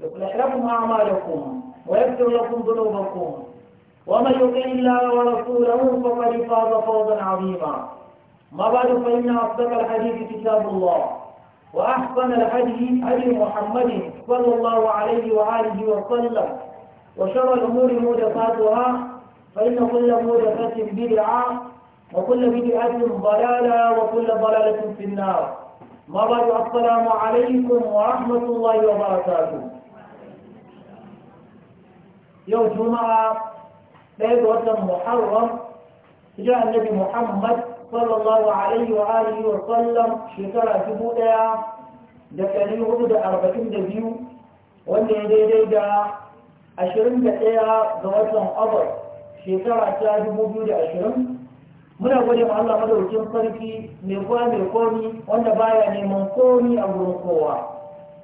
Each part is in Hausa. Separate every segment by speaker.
Speaker 1: يصلح لكم أعمالكم ويغفر لكم ذنوبكم ومن يطع الله ورسوله فقد فاز فوزا عظيما ما بعد فإن أصدق الحديث كتاب الله وأحسن الحديث هدي محمد صلى الله عليه وآله وسلم وشر الأمور محدثاتها فإن كل محدثة بدعة وكل بدعة ضلالة وكل ضلالة في النار ما بعد السلام عليكم ورحمة الله وبركاته yau juma'a ɗaya ga watan muharram hijira annabi muhammad sallallahu alaihi wa alihi wa sallam shekara dubu ɗaya da ɗari hudu da arba'in da biyu wanda ya daidai da ashirin da ɗaya ga watan abar shekara ta dubu biyu da ashirin muna gode ma Allah madaukin sarki mai kuwa mai komi wanda baya neman komi a gurin kowa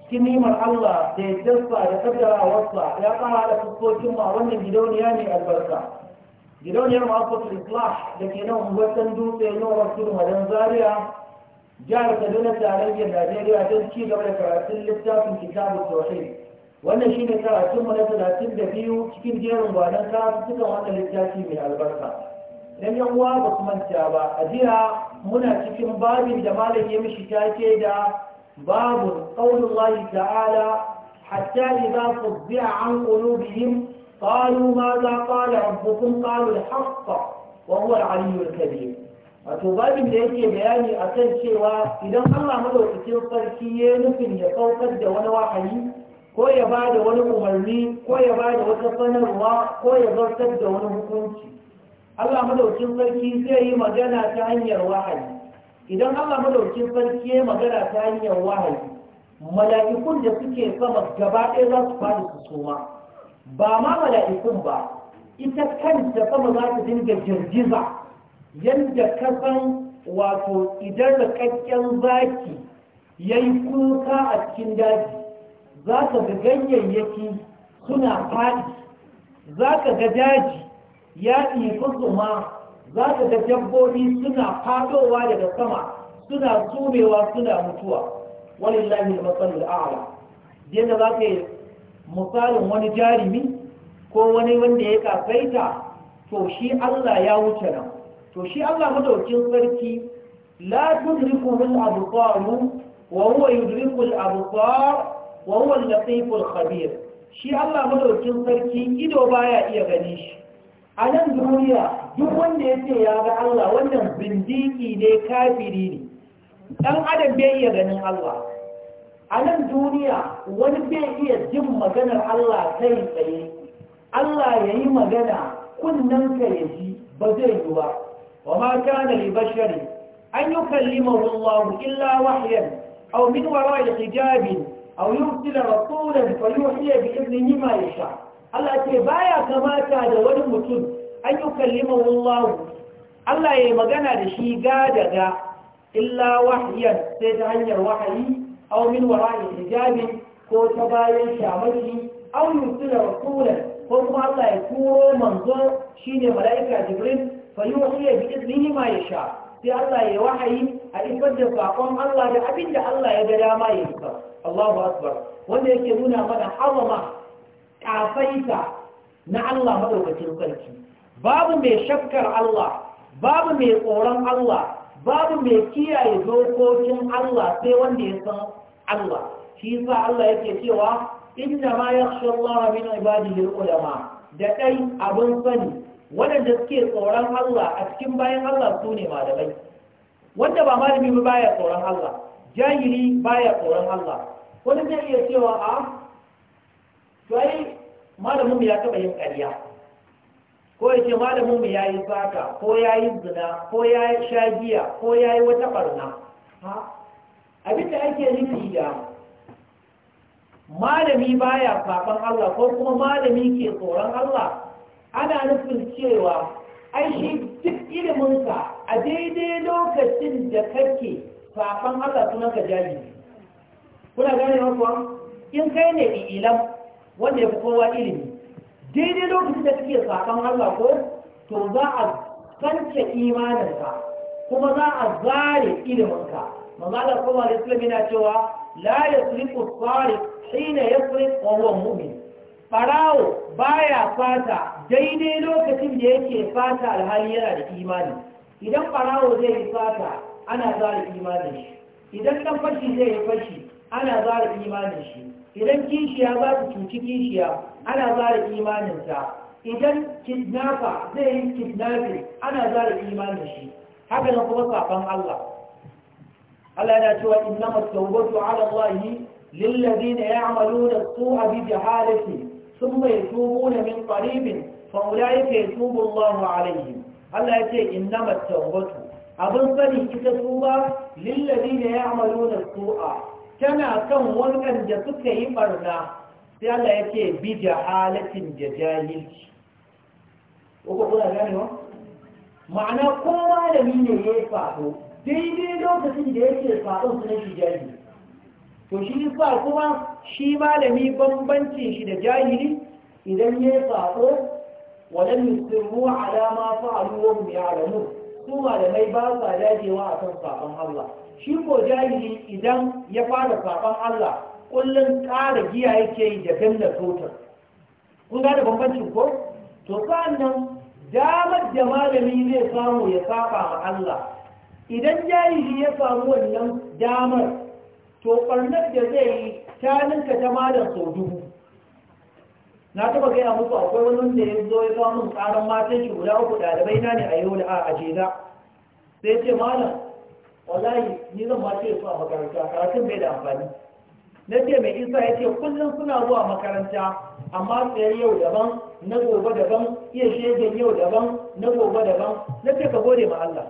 Speaker 1: cikin nimar Allah da ya jasa da kaddarawarsa ya kara da fuskokin ma wannan gidauniya ne albarka gidauniyar ma'afatul islah da ke nan unguwar dutse na wasu madan zaria jihar kaduna tarayyar najeriya don ci gaba da karatun littafin kitabu tauhid wannan shine karatun mu na talatin da biyu cikin jerin gwanon cikin wannan littafi mai albarka idan yan uwa ba su manta ba a jiya muna cikin babin da malam ya mishi take da باب قول الله تعالى حتى إذا فضع عن قلوبهم قالوا ماذا قال ربكم قالوا الحق وهو العلي الكبير wato babin da yake bayani a kan cewa idan Allah madaukakin sarki ya nufin ya saukar da wani wahayi ko ya ba wani umarni ko ya ba wata sanarwa ko ya zartar da wani hukunci Allah madaukakin sarki zai yi magana ta hanyar wahayi idan Allah madaukin sarki ya magana ta hanyar wahayi mala'ikun da suke sama gaba ɗaya za su fadi su soma ba ma mala'ikun ba ita kanta sama za ta dinga girgiza yadda ka san wato idan rikakken zaki ya yi kuka a cikin daji za ka ga ganyayyaki suna faɗi za ka ga daji ya ɗi fi za ka ga dabbobi suna fadowa daga sama suna tsumewa suna mutuwa walillahi al-masalul a'la yadda za ka yi misalin wani jarimi ko wani wanda ya kasaita to shi Allah ya wuce nan to shi Allah madaukin sarki la tudriku min absar wa huwa yudriku al absar wa huwa al latif al khabir shi Allah madaukin sarki ido baya iya gani shi a nan duniya duk wanda ya ce ya ga Allah wannan bindiki ne kafiri ne ɗan adam bai iya ganin Allah a nan duniya wani bai iya jin maganar Allah kai tsaye Allah ya yi magana kunnen ka ya ji ba zai yi ba wa ma kana li bashari an kalli Allah illa wahyan aw min wara'i hijabin aw yursila rasulan yuhiya bi ibnihi ma yasha' Allah ce baya kamata da wani mutum an yi kallimar wallahu Allah ya magana da shi ga daga illa wahiyar sai ta hanyar wahayi aw min wara'i hijabi ko ta bayan shamaki aw yusila rasulan ko kuma Allah ya turo manzo shine mala'ika jibril fa yuhiya bi idnihi ma yasha sai Allah ya wahayi a ifar da sakon Allah da abinda Allah ya ga dama ya yi Allahu akbar wanda yake nuna mana azama kafaisa na Allah maɗaukacin sarki babu mai shakkar Allah babu mai tsoron Allah babu mai kiyaye dokokin Allah sai wanda ya san Allah shi sa Allah yake cewa inna ma shi Allah min ibadihi ulama da ɗai abin sani waɗanda suke tsoron Allah a cikin bayan Allah su ne malamai wanda ba malami ba baya tsoron Allah jahili baya tsoron Allah wani zai iya cewa a to ai malamin mu ya taba yin ƙarya ko ya malamin mu yayi saka ko yayi zina ko yayi shagiya ko yayi wata barna ha abin da ake nufi da malami baya saban Allah ko kuma malami ke tsoron Allah ana nufin cewa ai shi duk iliminka a daidai lokacin da kake saban Allah kuma ka jahili kuna gane kuwa in kai ne ilam wanda ya fi kowa ilimi daidai lokacin da suke sakon Allah ko to za a kance imaninka kuma za a zare iliminka mazalar Allah kuma da Islam yana cewa la yasriqu sariq hina yasriq wa mu'min farawo baya fata daidai lokacin da yake fata alhali yana da imani idan farawo zai yi fata ana zare imanin shi idan dan fashi zai yi fashi ana zare imanin shi idan kishiya ba su cuci kishiya ana zara imaninsa idan kidnafa zai yi kidnafi ana zara imanin shi haka nan kuma kafan Allah Allah yana cewa innama tawbatu ala Allah lilladhina ya'maluna as-su'a bi jahalati thumma yatubuna min qaribin fa ulaika yatubu Allahu alaihim Allah yace innama tawbatu abin sani ita tuba lilladhina ya'maluna as-su'a tana kan da suka yi barna sai Allah ya ce bi da halatin da jahilci uku kuna gane wa ma'ana ko malami ne ya yi faɗo daidai lokacin da yake faɗo su na shi jahili to shi fa kuma shi malami bambancin shi da jahili idan ya yi faɗo waɗanda sirru alama fa'alu wa mu ya su malamai ba sa dajewa a kan saɓon Allah shi ko jahili idan ya fara saɓon Allah kullum ƙara giya yake yi da ganna totar kun gane bambancin ko to sa'annan damar da malami zai samu ya saɓa ma Allah idan jahili ya samu wannan damar to ɓarnar da zai yi ta ninka ta malam sau dubu na taba gaya muku akwai wani wanda ya zo ya kawo min karan matan shi guda uku ɗalibai na ne a yau da a jeza sai ce malam wallahi ni zan ma ce su a makaranta karatun bai da amfani na ce mai isa ya ce kullum suna zuwa makaranta amma tsayar yau daban na gobe daban iya shegen yau daban na gobe daban na ce ka gode ma Allah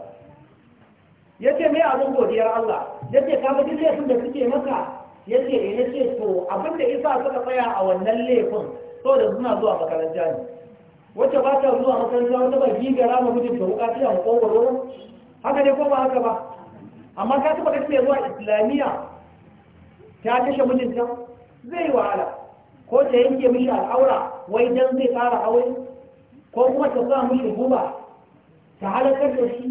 Speaker 1: ya ce mai abin godiyar Allah ya ce ka gaji laifin da suke maka ya ce ya eh, ce to abin da isa suka tsaya a wannan laifin saboda suna zuwa makaranta ne wacce ba ta zuwa makaranta wata ba gara ma mutum ta wuka tiya makogwaro haka ne ko ba haka ba amma ka taba kace zuwa islamiyya ta kashe mijinta zai wahala ko ta yanke mishi al'aura wai dan zai tsara aure ko kuma ta sa mishi guba ta halakar da shi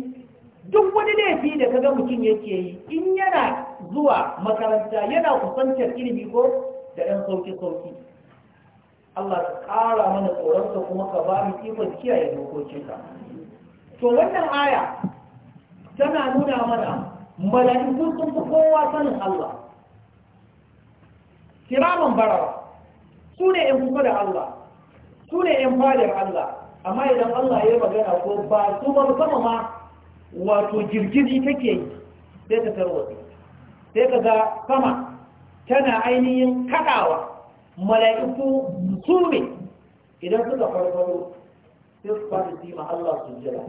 Speaker 1: duk wani laifi da ka kaga mutum yake yi in yana zuwa makaranta yana kusantar ilimi ko da ɗan sauƙi-sauƙi? Allah ka ƙara mana tsoronsa kuma ka ba mu ikon kiyaye dokokinka to wannan aya tana nuna mana mala'iku sun fi kowa sanin Allah kiraman barawa su ne ‘yan kuka da Allah su ne ‘yan fadar Allah amma idan Allah ya magana ko ba su sama ma wato girgizi take yi sai ta tarwatsi sai ka ga sama tana ainihin kaɗawa mala'iku su ne idan suka farfaro sai su fara su ma Allah su jira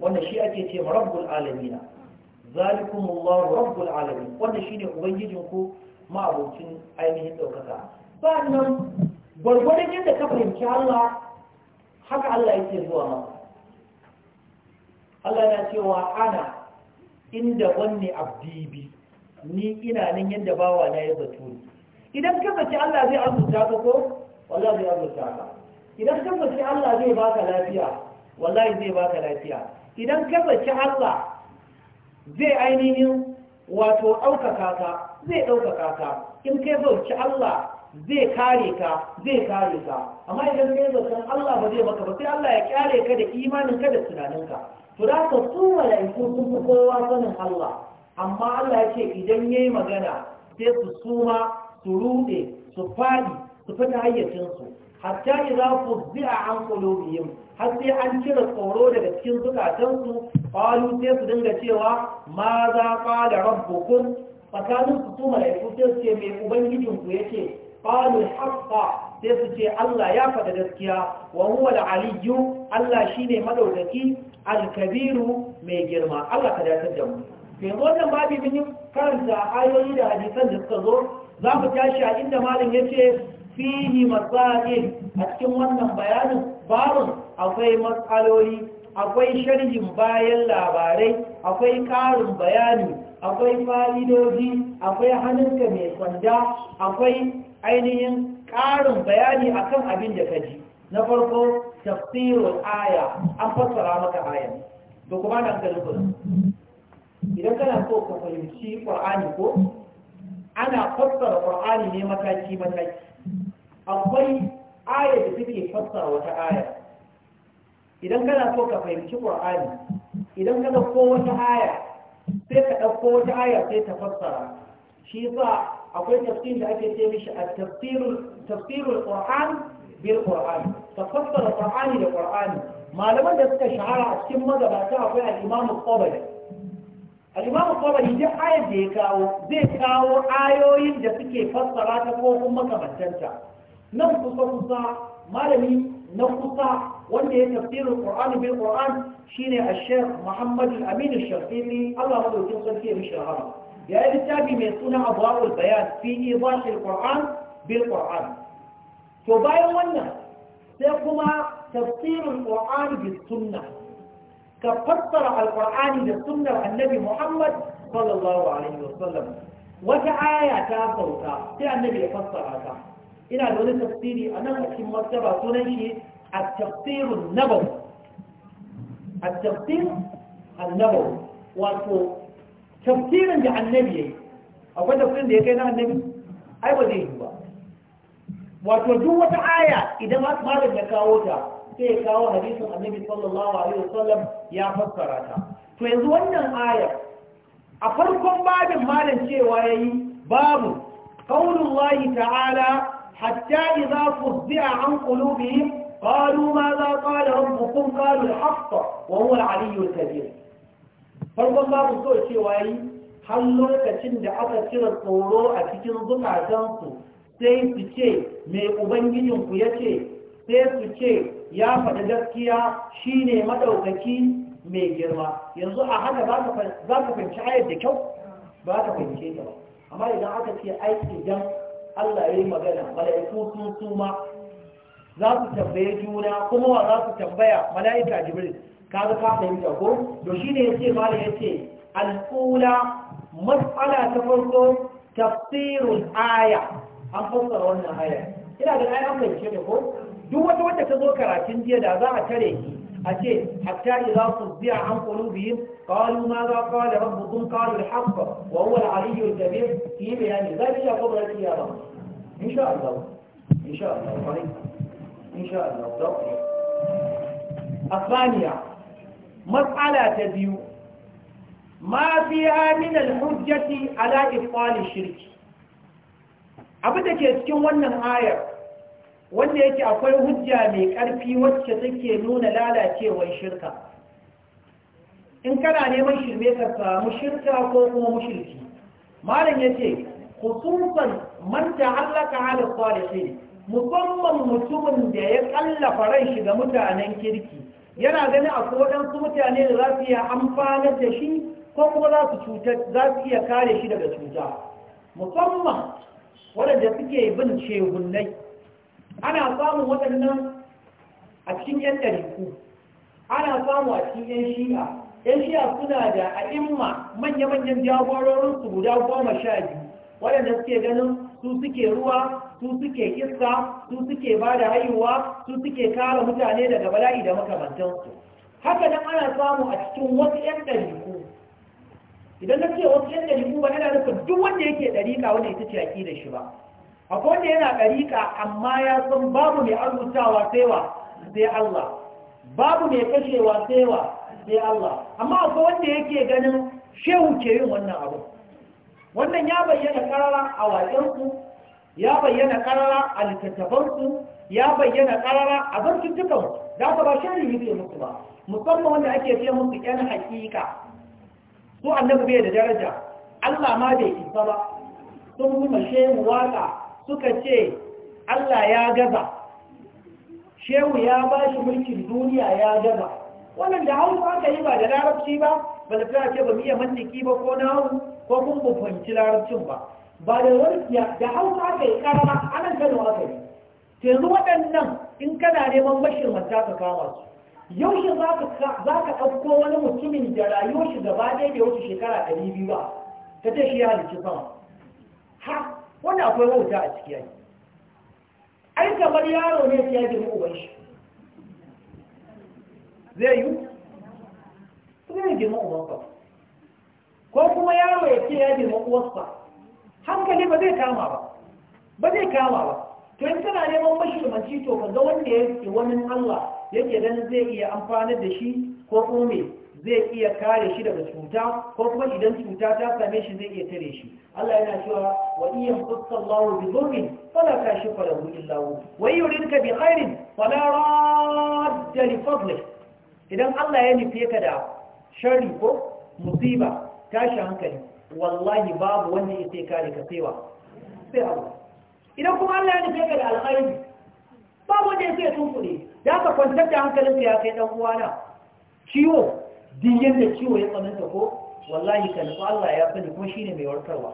Speaker 1: wannan shi ake ce rabbul alamina zalikum Allah rabbul alamin wannan ne ubangijin ku ma abokin ainihin daukaka sannan gwargwadon yadda ka fahimci Allah haka Allah yake zuwa ma Allah na cewa ana inda wanne bi ni ina nan yadda bawa na ya zato ni idan ka ce Allah zai azurta ka ko wallahi zai azurta ka idan ka ce Allah zai baka lafiya wallahi zai baka lafiya idan ka ce Allah zai ainihin wato ɗaukaka ka zai ɗaukaka ka in kai zaci Allah zai kare ka zai kare ka amma idan kai zaton Allah ba zai maka ba sai Allah ya kyale ka da imanin ka da tunaninka to da ka su mala'iku sun fi kowa sanin Allah amma Allah ya ce idan yayi magana sai su suma su rude su fadi su fita hayyacinsu hatta ku zi'a an qulubihim har sai an cire tsoro daga cikin zukatansu qalu sai su dinga cewa ma za qala rabbukum tsakanin su kuma da su sai su ce mai ubangijin ku yake qalu sai su ce Allah ya fada gaskiya wa huwa al-aliyyu Allah shine madaukaki al-kabiru mai girma Allah ka dace da mu yanzu wannan babu bin karanta ayoyi da hadisan da suka zo za mu tashi a inda malam ya ce fihi masail a cikin wannan bayanin babun akwai matsaloli akwai sharhin bayan labarai akwai ƙarin bayani akwai fa'idodi akwai hannunka mai kwanda akwai ainihin ƙarin bayani akan abin da ka ji na farko tafsirul aya an fassara maka aya. da kuma nan kalin idan kana so ka fahimci ƙwar'ani ko ana fassara qur'ani ne mataki mataki akwai aya da take fassara wata aya idan kana so ka fahimci qur'ani idan ka ko wata aya sai ka dauko wata aya sai ta fassara shi yasa akwai tafsir da ake ce mishi at-tafsirul tafsirul qur'an bil qur'an tafassara qur'ani da qur'ani malaman da suka shahara a cikin magabata akwai al-imam al al-imamu qabari ayar da ya kawo zai kawo ayoyin da suke fassara ta ko kuma nan kusa kusa malami na kusa wanda ya tafsirin qur'ani bil qur'an shine ash-shaykh muhammad al-amin ash-shafi'i Allah sarki ya shahara ya yi littafi mai suna abwaul bayan fi idahi al-qur'an bil qur'an to bayan wannan sai kuma tafsirin qur'ani bis sunnah ka fassara alqur'ani da sunnar annabi muhammad sallallahu alaihi wasallam wata aya ta sauka sai annabi ya fassara ta ina da a nan التفسير النبوي التفسير النبوي wato tafsirin da annabi ya yi akwai da ya kai na annabi ai ba zai yi ba wato duk wata aya idan malam ya kawo ta sai ya kawo hadisin annabi sallallahu alaihi wasallam ya fassara ta to yanzu wannan ayar a farkon babin malam cewa yayi babu qaulullahi ta'ala hatta idza fuzzi'a an qulubihim قالوا ماذا قال ربكم قالوا الحق وهو العلي الكبير farkon babu so cewa yi har lokacin da aka cire tsoro a cikin zukatansu sai su ce mai ubangijinku ya ce sai su ce ya faɗi gaskiya shi ne maɗaukaki mai girma yanzu a haka za ka fahimci ayar da kyau ba ka fahimce ta ba amma idan aka ce aiki idan Allah ya yi magana mala'iku sun suma za su tambaye juna kuma wa za su tambaya mala'ika jibril kaga ka fahimta ko to shine yace malam ya ce ula mas'ala ta farko tafsirul aya an fassara wannan aya ina da ayan kan ce ko duk wata wanda ta zo karatun jiya da za a tare ki a ce hatta idza tuzi'a an qulubihim qalu ma za qala rabbukum qalu al-haqq wa huwa al-aliyyu al-kabir ki bayani zalika qabla al-qiyamah insha Allah insha Allah insha Allah الثانية مسألة تبيو ما فيها من الحجة على إبطال الشرك ke cikin wannan آية wanda yake akwai hujja mai ƙarfi wacce take nuna lalacewar shirka in kana neman shirme ka samu shirka ko kuma mushirki malam yace khususan man ta'allaka ala salihin musamman mutumin da ya kallafa ran shi ga mutanen kirki yana gani akwai waɗansu mutane da za su iya amfanar da shi ko kuma za su za su iya kare shi daga cuta musamman waɗanda suke bin shehunnai ana samun waɗannan a cikin 'yan ɗariku ana samu a cikin 'yan shi'a 'yan shi'a suna da a imma manya-manyan jagororinsu guda goma sha biyu waɗanda suke ganin su suke ruwa su suke iska su suke ba da haihuwa su suke kare mutane daga bala'i da makamantansu haka nan ana samu a cikin wasu 'yan ɗariku idan na ce wasu 'yan ɗariku ba na nufin duk wanda yake ɗarika wanda ita ce da shi ba akwai wanda yana ɗariƙa amma ya san babu mai arzutawa saiwa sai Allah babu mai kashewa saiwa sai Allah amma akwai wanda yake ganin shehu ke yin wannan abu wannan ya bayyana karara a waƙensu ya bayyana karara a littattafansu ya bayyana karara a cikin da ka ba yi yake musu ba musamman wanda ake ce musu yan hakika su annabi bai da daraja Allah ma bai isa ba sun kuma shehu waka suka ce Allah ya gaza shehu ya ba shi mulkin duniya ya gaza wannan da hausa aka yi ba da larabci ba ba da ta ce ba mu iya ba ko na hau ko kun bufanci larabcin ba ba da wani da hausa aka yi karama anan kano aka yi to yanzu waɗannan in kana neman bashin manta ka kama su yaushe za ka ɗauko wani mutumin da rayuwar shi gaba ɗaya da wata shekara ɗari biyu ba ta ce shi ya halicci sama wanda akwai wauta a cikin yayi ai kamar yaro ne ya girma uban shi zai yi kuma ya girma uban ka ko kuma yaro ya ce ya girma uwarsa hankali ba zai kama ba ba zai kama ba to in kana neman mashirmanci to ka ga wanda ya ke wani Allah yake ganin zai iya amfani da shi ko kuma zai iya kare shi daga cuta ko kuma idan cuta ta same shi zai iya tare shi Allah yana cewa wa iyan qassallahu bi dhurrin fala kashifa lahu illa hu wa yuridka bi khairin fala radda li fadlihi idan Allah ya nufi ka da sharri ko musiba tashi hankali wallahi babu wanda ya sai kare ka saiwa sai Allah idan kuma Allah ya nufi ka da alkhairi babu wanda ya sai tunkuɗe da ka kwantar da hankalinka ya kai dan uwana ciwo Din yadda ciwo ya tsananta ko wallahi kan nufi Allah ya sani kuma shine mai warkarwa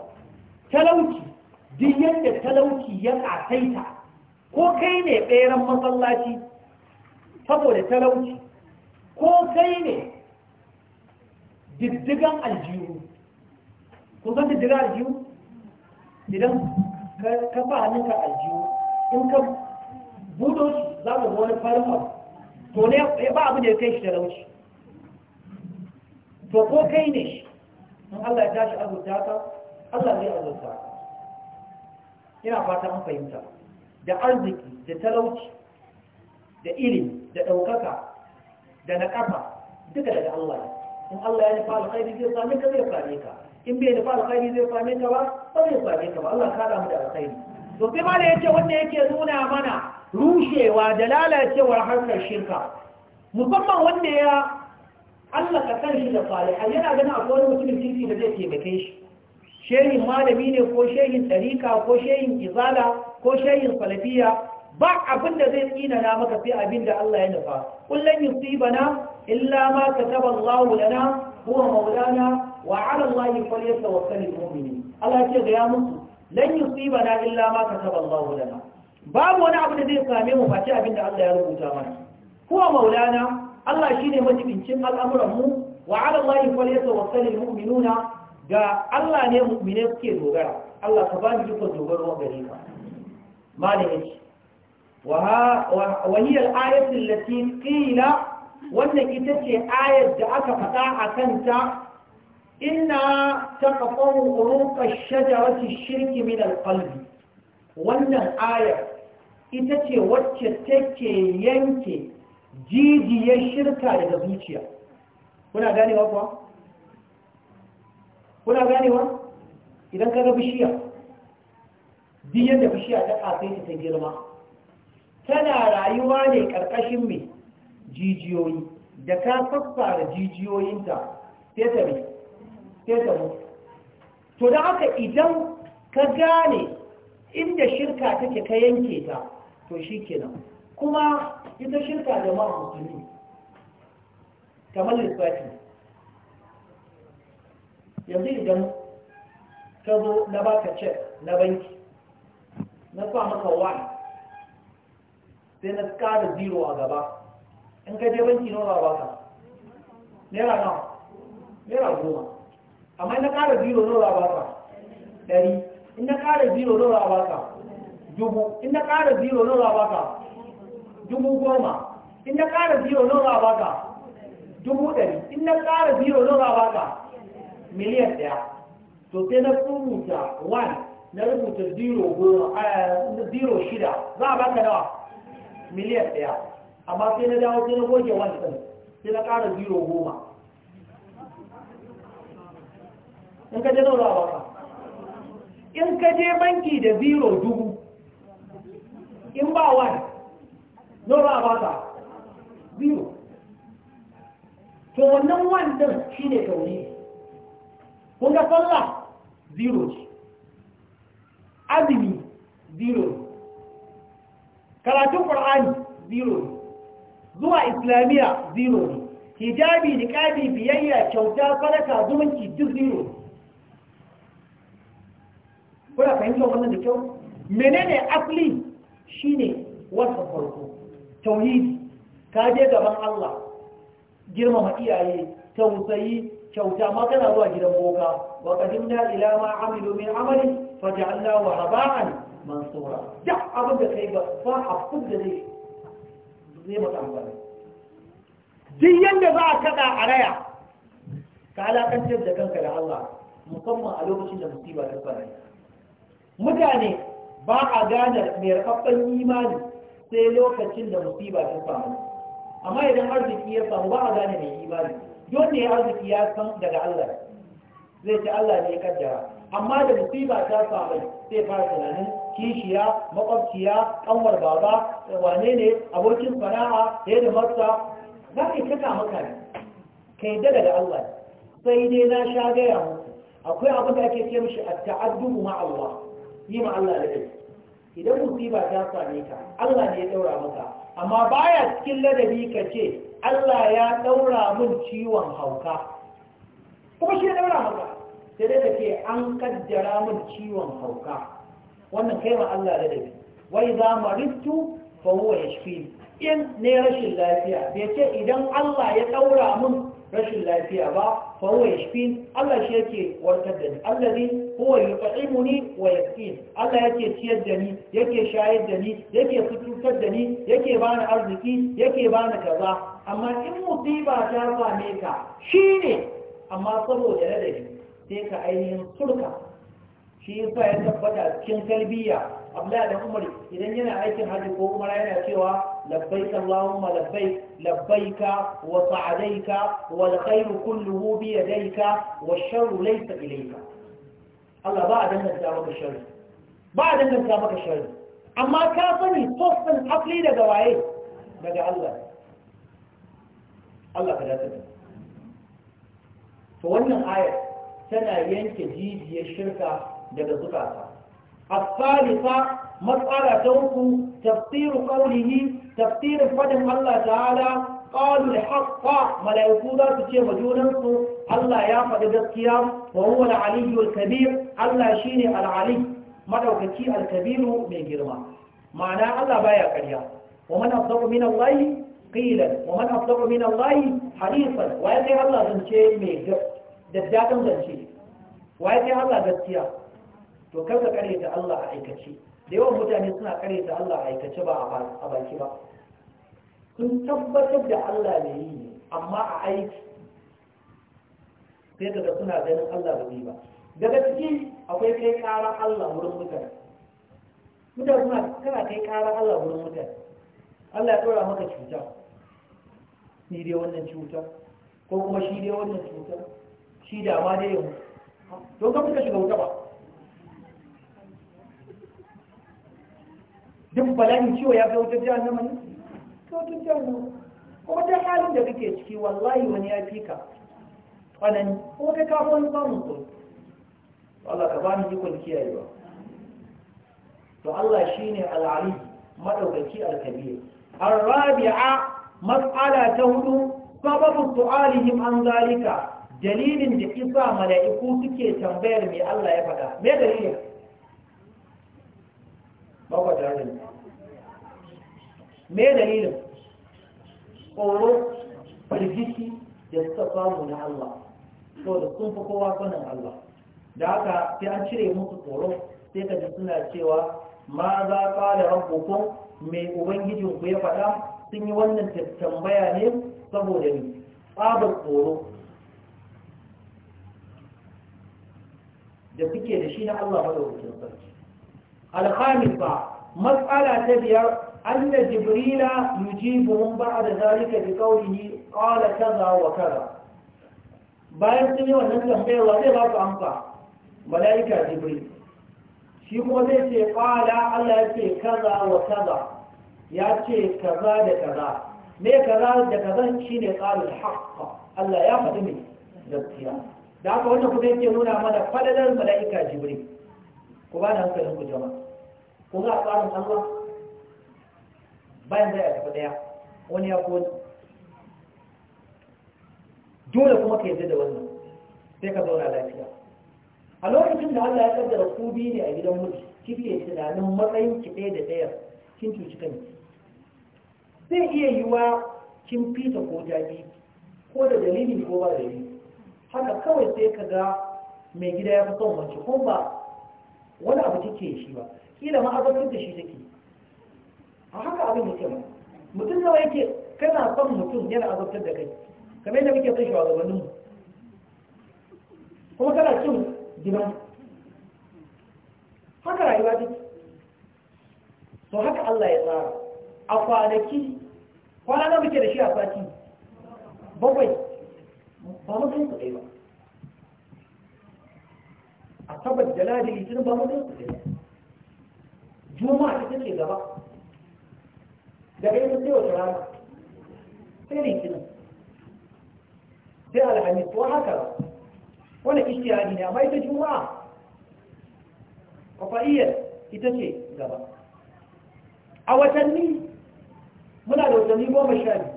Speaker 1: talauci din yadda talauci ya ƙasaita ko kai ne ɓeran masallaci saboda talauci ko kai ne diddigan aljihu ko san diddigan aljihu idan ka fa hannunka aljihu in ka budo za za ka wani farin abu to ne ba abu da ya kai shi talauci to ko kai ne in Allah ya tashi azurta ka Allah zai azurta ka ina fata an fahimta da arziki da talauci da ilimi da ɗaukaka da na ƙafa duka daga Allah in Allah ya nufa alkhairi zai same ka zai same ka in bai nufa alkhairi zai same ka ba ba zai same ka ba Allah ka damu da alkhairi to sai ma da yace wanda yake nuna mana rushewa da lalacewar harkar shirka musamman wanda ya Allah ka san shi da salihai yana gani akwai wani mutumin titi da zai taimake shi shehin malami ne ko shehin ɗarika ko shehin izala ko shehin salafiya ba abin da zai tsina na maka sai abin da Allah ya nufa kullum yusibana illa ma kataba Allah lana huwa maulana wa ala Allah falyatawakkalul mu'minin Allah ya ce ga ya musu lan yusibana illa ma kataba Allah lana babu wani abu da zai same mu face abin da Allah ya rubuta mana huwa maulana Allah shine majibincin al'amuran mu wa ala Allah falyatawakkalu almu'minuna ga Allah ne mu'mine suke dogara Allah ka bani dukkan dogaro gare ka malami wa wa hiya al-ayatu allati wannan ita ce ayar da aka faɗa a kanta inna taqafu uruqa shajarati shirki min al wannan ayar ita ce wacce take yanke jijiyar shirka daga zuciya kuna ganewa kuwa kuna ganewa idan ka ga bishiya biyan da bishiya ta kasance ta girma tana rayuwa ne karkashin mai jijiyoyi da ka fassara jijiyoyinta sai ta mai sai ta to da haka idan ka gane inda shirka take ka yanke ta to shi kenan kuma ita shirka jama'a musulmi kamar lissafi yanzu idan ka zo na baka cek na banki na sa maka wani sai na kada zero a gaba in ka je banki nawa ba ka naira nawa naira goma amma na kada zero nawa ba ka dari in na kara zero nawa ba ka dubu in na kara zero nawa ba ka dubu goma in na ƙara zero nawa za a baka dubu dari in na ƙara zero nawa za a baka miliyan ɗaya to sai na rubuta one na rubuta zero eh, shida za a baka nawa miliyan ɗaya amma sai na dawo sai na goge 1 ɗin sai na ƙara zero goma in ka je nawa za a baka in ka je banki da zero dubu in ba wani. nawa a ta biyu to wannan wanda shi ne tauri kun ga sallah zero ce azumi zero karatun ƙwar'ani zero zuwa islamiyya zero hijabi niƙabi biyayya kyauta faraka zumunci duk zero kuna fahimtar wannan da kyau menene asli shine wasan farko tauhidi ka je gaban Allah girmama iyaye tausayi kyauta ma kana zuwa gidan boka wa qadimna ila ma amilu min amali faj'alnahu haba'an mansura duk abin da kai ba fa abin da zai zai maka amfani duk yanda za a kada a raya ka alakantar da kanka da Allah musamman a lokacin da musiba ta fara mutane ba a gane mai rafafan imani sai lokacin da musiba ta samu amma idan arziki ya samu ba a gane mai imani dole ne arziki ya san daga Allah zai ce Allah ne ya kaddara amma da musiba ta samu sai fara tunanin kishiya makwabciya kanwar baba wane ne abokin fara'a ya da masa za ka kaka maka ne ka yi daga Allah sai dai na sha gaya muku akwai abin da ake ce mishi a ta'addu ma Allah yi ma da kai idan musiba ta same ka Allah ne ya daura maka amma baya cikin ladabi ka ce Allah ya daura min ciwon hauka kuma shi ya daura maka sai dai ce an kaddara min ciwon hauka wannan kai ma Allah ladabi wai za maritu fa huwa yashfi in ne rashin lafiya bai ce idan Allah ya daura min rashin lafiya ba fa huwa shi Allah shi yake warkar da ni Allah allazi huwa yut'imuni wa yasqin Allah yake ciyar da ni yake shayar da ni yake fitar da ni yake bani arziki yake bani kaza amma in musiba ta same ka shine amma saboda ladabi sai ka ainihin turka shi yasa ya tabbata cikin kalbiya Abdullahi da Umar idan yana aikin hajji ko Umar yana cewa لبيك اللهم لبيك لبيك وسعديك والخير كله بيديك والشر ليس إليك الله بعد أن نسامك الشر بعد أن نسامك الشر أما كافني صفا أقلي لدوائي لدى الله Allah ka dace da to wannan ayar tana yanke jijiyar shirka daga zukata as-salifa مسألة توقو تفسير قوله تفسير فدم الله تعالى قالوا الحق ملائكو ذات شيء مجوننسو الله يا فدقسكيا وهو العلي الكبير الله شيني العلي مدوكتي الكبير من جرما معنى الله بايا كريا ومن أصدق من الله قيلا ومن أصدق من الله حديثا ويأتي الله زنشي من جرم دجاتا زنشي ويأتي الله زنشيا to kaza kare ta Allah a aikace da yawan mutane suna kare da Allah a aikace ba a baki ba sun tabbatar da Allah ne yi ne amma a aiki sai daga suna ganin Allah da ba daga ciki akwai kai ƙara Allah wurin mutane mutane suna kana kai ƙara Allah wurin mutane Allah ya tura maka cuta ni dai wannan cuta ko kuma shi dai wannan cuta shi da ma dai yau to ka shiga wuta ba duk bala'in ciwo ya fi wata jahannama ne ta wutar jahannama kuma ta halin da kake ciki wallahi wani ya fi ka tsanani ko kai ka wani samun ko Allah ka bani ikon kiyayewa to Allah shine al-ali madaukaki al-kabir ar-rabi'a mas'ala ta hudu sababu su'alihim an zalika dalilin da isa mala'iku suke tambayar me Allah ya faɗa me dalilin ba ku tare da me dalilin tsoro firgici da suka samu na Allah so da sun fi kowa sanin Allah da haka sai an cire musu tsoro sai ka ji suna cewa ma za ka da rabbukum mai ku ya faɗa sun yi wannan tambaya ne saboda ni tsabar tsoro da suke da shi na Allah wucin sarki alhamis ba matsala ta biyar أن جبريل يجيبهم بعد ذلك بقوله قال كذا وكذا bayan sun yi wannan tambayarwa zai ba su amsa mala'ika jibril shi kuma zai ce kwada allah ya ce kaza wa kaza ya ce kaza da kaza me kaza da kaza shi ne tsarin haƙƙa allah ya faɗi mai gaskiya da haka wannan kuma yake nuna mana fadalar mala'ika jibril ku ba na hankalin ku jama'a Ku ga tsarin allah bayan zai a tafi ɗaya wani ya ko dole kuma ka yarda da wannan sai ka zauna lafiya a lokacin da Allah ya kaddara ku biyu ne a gidan miji kike yi tunanin matsayin ki ɗaya da ɗaya kin cuci kan zai iya yiwa kin fita ko jaji ko da dalili ko ba dalili haka kawai sai ka ga mai gida ya fi son wance ko ba wani abu kike shi ba kila ma azabtar da shi take a haka abin yake ba mutum nawa yake kana son mutum yana azabtar da kai kamar yadda muke son shugabannin mu kuma kana cin diman haka rayuwa take to haka Allah ya tsara a kwanaki kwana na muke da shi a sati bakwai ba mu san kuɗi ba a tabbat da ladi litinin ba mu san kuɗi ba juma'a ta ce gaba daga yanzu sai wata rana sai litinin sai alhamis to haka wannan ishtihadi ne amma ita juma'a kwafa'iyyar ita ce gaba a watanni muna da watanni goma sha biyu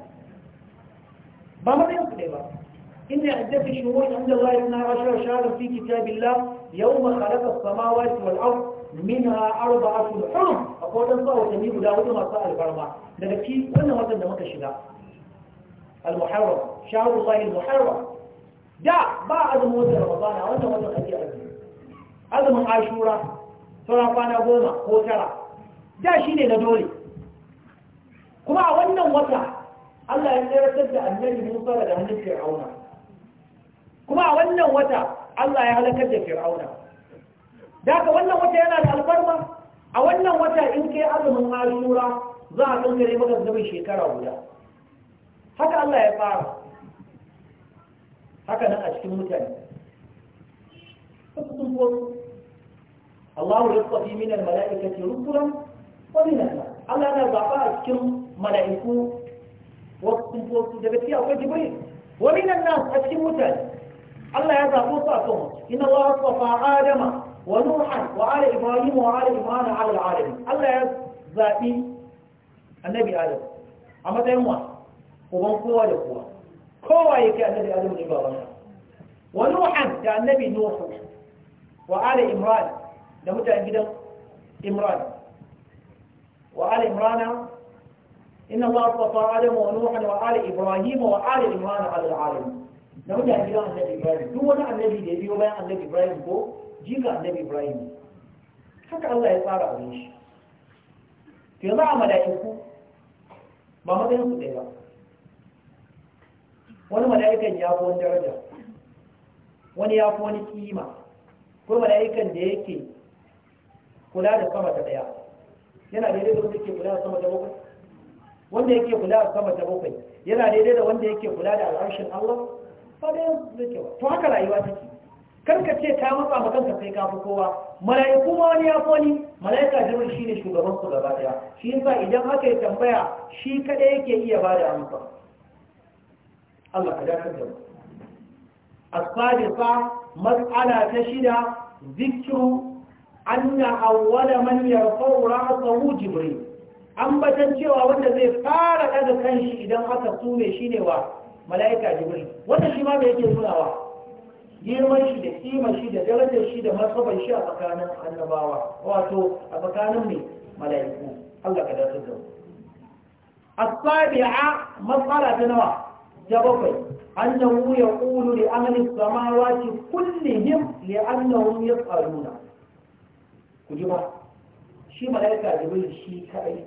Speaker 1: ba matsayin su ne ba إن عدة شهور عند الله إنها عشر شهرا في كتاب الله يوم خلق السماوات والأرض minha da hurum a akwai wadansu watanni guda hudu masu alfarma daga ci wannan watan da muka shiga al-muharram shahrullahi al-muharram da ba azumin watan ramadana wannan watan ake azumi azumin ashura sauran kwana goma ko tara da shi ne na dole kuma a wannan wata Allah ya tsirratar da annabi Musa da hannun Fir'auna kuma a wannan wata Allah ya halakar da Fir'auna daga wannan wata yana da alfarma a wannan wata in kai azumin ashura za a kankare maka zubin shekara guda haka Allah ya fara haka nan a cikin mutane sun Allahu ya tsafi min al-mala'ikati rusulan wa min al Allah yana zaba a cikin mala'iku wasu tsufofi daga cikin akwai jibril wa min nan a cikin mutane Allah ya zabo su a kan inna Allah ya tsafa adama ونوحا وعلى إبراهيم وعلى إيمان على العالم الله يزاقي النبي آدم أما تيموا وبن قوة لقوة قوة يكي النبي آدم الإبراهيم ونوحا يا النبي نوح وعلى إمران نموت جدا إمران وعلى إمران إن الله اصطفى آدم ونوحا وعلى إبراهيم وعلى إمران على العالمين نموت أجدا النبي إبراهيم دون النبي دي بيوبين النبي إبراهيم بو jiga annabi ibrahim haka Allah ya tsara abin shi to yanzu a mala'iku ba matsayin su ɗaya ba wani mala'ikan ya fi wani daraja wani ya fi wani kima ko mala'ikan da yake kula da sama ta ɗaya yana daidai da wanda yake kula da sama ta bakwai wanda yake kula da sama ta bakwai yana daidai da wanda yake kula da al'arshin Allah ba da yanzu da ba, to haka rayuwa take karka ce ka matsa ma kanka sai ka fi kowa mala'iku ma wani ya wani mala'ika shi ne shugaban su gaba daya shi yasa idan aka yi tambaya shi kaɗai yake iya bada amsa Allah ka dakar da mu as mas'ala ta shida zikru anna awwala man yarfa'u ra'sahu jibril ambatan cewa wanda zai fara daga kanshi idan aka sume shine wa mala'ika jibril wannan shi ma me yake nunawa girman shi da kima shi da darajar shi da masabar shi a tsakanin annabawa wato a tsakanin mai mala'iku Allah ka dace da asabi'a sabia matsala ta nawa ta bakwai annahu yaqulu li ahli samawati kullihim li annahum yas'aluna ku ji ba shi mala'ika jibril shi kai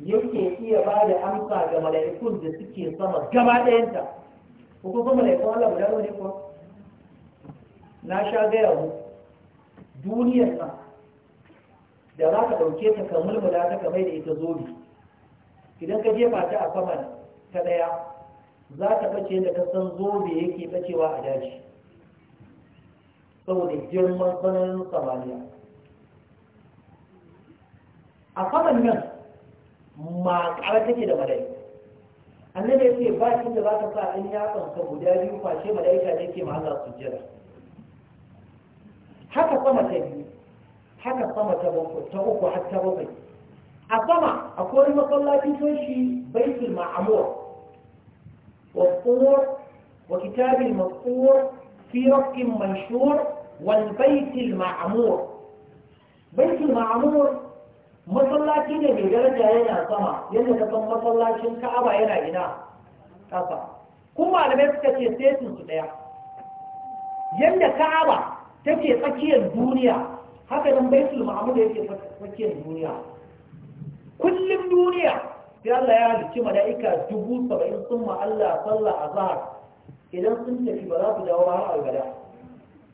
Speaker 1: yake iya ba da amsa ga mala'ikun da suke sama gaba ɗayanta ko kuma mala'ikun Allah da ne ko na sha gaya mu duniyar nan, da za ka ɗauke ta ka mulmula ta ka mai da ita zobe idan ka jefa ta a saman ta ɗaya za ta ɓace da ka san zobe yake ɓacewa a daji saboda girman sanarin samaniya a saman nan makara take da mala'iku annabi ya ce ba da za ka sa an yatsan ka guda biyu face mala'ika ne ke ma'azar Allah sujjada sama ta biyu haka sama ta ta uku har ta bakwai a sama akwai wani masallaci sun shi baitul ma'amur wa tsur wa kitabil masur fi rafqin manshur wal baitul ma'amur baitul ma'amur masallaci ne mai daraja yana sama yadda ka san masallacin ka'aba yana ina kasa kuma malamai suka ce sai su daya yadda ka'aba take tsakiyar duniya haka nan baitul ma'amud yake tsakiyar duniya kullum duniya sai Allah ya halicci mala'ika dubu saba'in sun ma Allah sallah a zahar idan sun tafi ba za su dawo har albada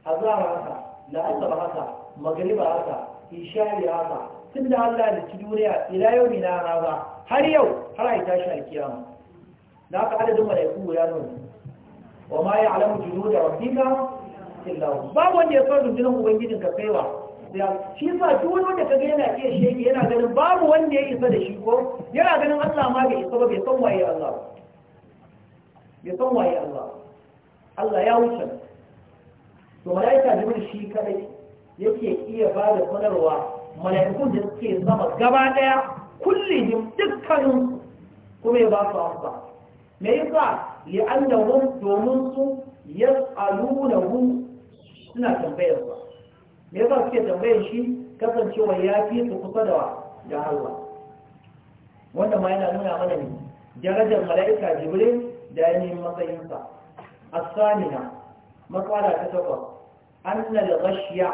Speaker 1: a zahar haka la'asar haka magariba haka ishari haka tun da Allah halicci duniya ila yau mina na ba har yau har a yi tashi alkiyama na haka adadin mala'iku ya nuna wa ma ya alamu da rabbika illahu ba wanda ya san rundunar ubangijin ka kaiwa shi sa shi wani wanda kaga yana iya shege yana ganin babu wanda ya isa da shi ko yana ganin Allah ma bai isa ba bai san waye Allah bai san waye Allah Allah ya wuce to malaika jibril shi kadai yake iya ba da sanarwa mala'ikun da suke sama gaba daya kullihim dukkanin kuma ya ba su amsa me yasa li'annahum domin su yas'alunahu suna tambayar ba me yasa suke tambayar shi kasancewa ya fi su kusa da da Allah wanda ma yana nuna mana ne darajar mala'ika jibril da yanayin matsayinsa asamina samina ta takwas anna al-ghashya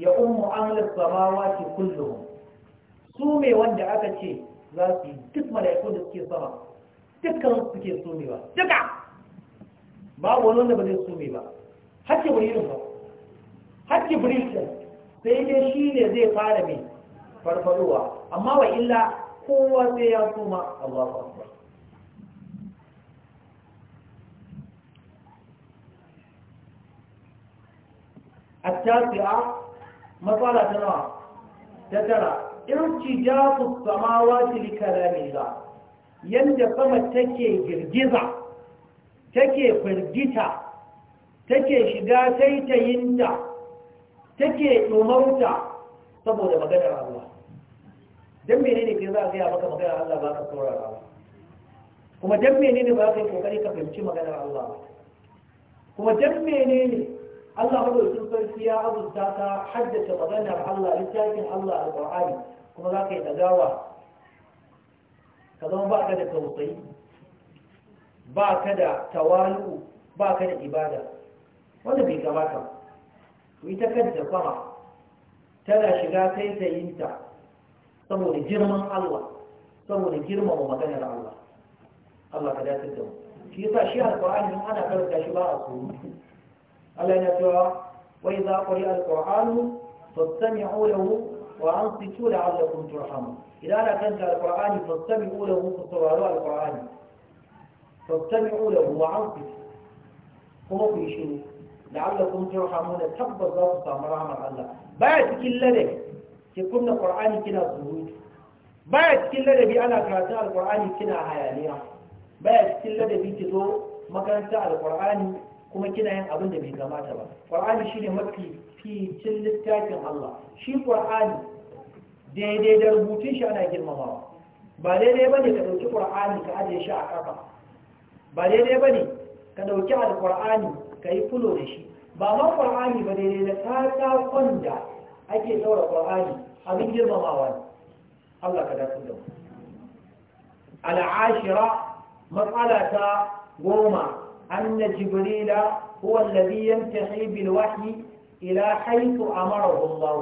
Speaker 1: ya ummu amla samawati kulluhum su me wanda aka ce za su yi duk mala'iku da suke sama dukkan suke sumewa duka babu wani wanda ba zai sume ba har wani ba har jibril din sai dai shi ne zai fara mai farfadowa amma wa illa kowa sai ya suma Allahu akbar tara مسألة نوع تترى ارتجاف السماوات لكلام الله yanda sama take girgiza take firgita take shiga taitayinta take tsomarta saboda maganar Allah dan menene kai za a gaya maka maganar Allah ba ka saurara ba kuma dan menene ba ka yi kokari ka fahimci maganar Allah ba kuma dan menene Allah madaukakin sarki ya azurta ka haddace maganar Allah littafin Allah alqur'ani kuma za ka yi dagawa ka zama ba ka da tausayi ba ka da tawalu ba ka da ibada wanda bai kamata ويتكدى فرع تلا شغاكي تيمتع صبوني جرما الله صبوني جرما ومكان الله الله كذا تدوم في أشياء القرآن من أنا كذا شباء أقول الله نتوى وإذا قرئ القرآن فاستمعوا له وأنصتوا لعلكم ترحمون إذا أنا كنت القرآن فاستمعوا له فاستمعوا القرآن فاستمعوا له وأنصتوا هو في شروط Da Allah la'allakum turhamuna tabbas za ku samu rahmar Allah baya cikin ladabi ki kunna qur'ani kina surutu baya cikin ladabi ana karatun alqur'ani kina hayaniya baya cikin ladabi ki zo makaranta alqur'ani kuma kina yin abin da bai kamata ba qur'ani shine mafi ficin littafin Allah shi qur'ani daidai da rubutun shi ana girmamawa ba daidai bane ka dauki qur'ani ka ajiye shi a kafa ba daidai bane ka dauki alqur'ani ka yi fulo da shi ba ma ƙwar'ani ba daidai da katakon da ake ɗaura ƙwar'ani abin girmamawa Allah ka dace da mu al'ashira matsala ta goma anna jibrila huwa alladhi ta bil wahyi ila haythu amarahu Allah